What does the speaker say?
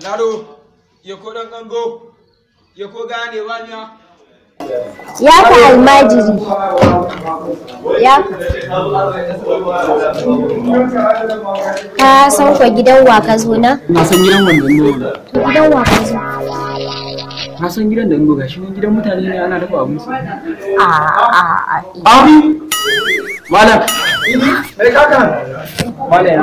Alaro, ya ko ɗan ƙango, ya ko gane wanya. Ya ka almajiri. Ya ka san kwa gidan wa ka zo na? Na san gidan wanda ne. To gidan wa ka zo. Na san gidan da ngo gashi gidan mutane ne ana dafa abinci. A a a. Abi. Malam. Ina, kai kaka. Malam,